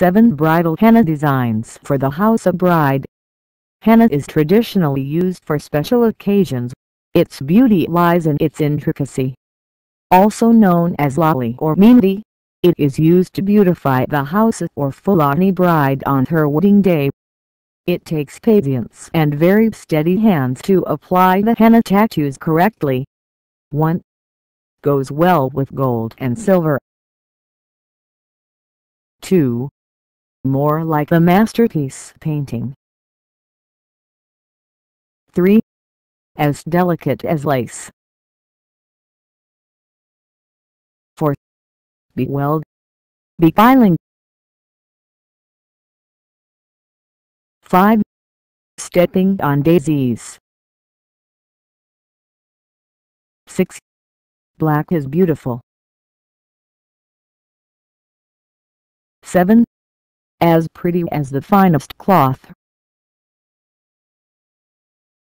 7 Bridal Henna Designs for the House of Bride Henna is traditionally used for special occasions. Its beauty lies in its intricacy. Also known as lali or mendi, it is used to beautify the house or Fulani bride on her wedding day. It takes patience and very steady hands to apply the henna tattoos correctly. 1. Goes well with gold and silver. 2 more like a masterpiece painting. 3. As delicate as lace. 4. Be weld. Be filing. 5. Stepping on daisies. 6. Black is beautiful. 7 as pretty as the finest cloth.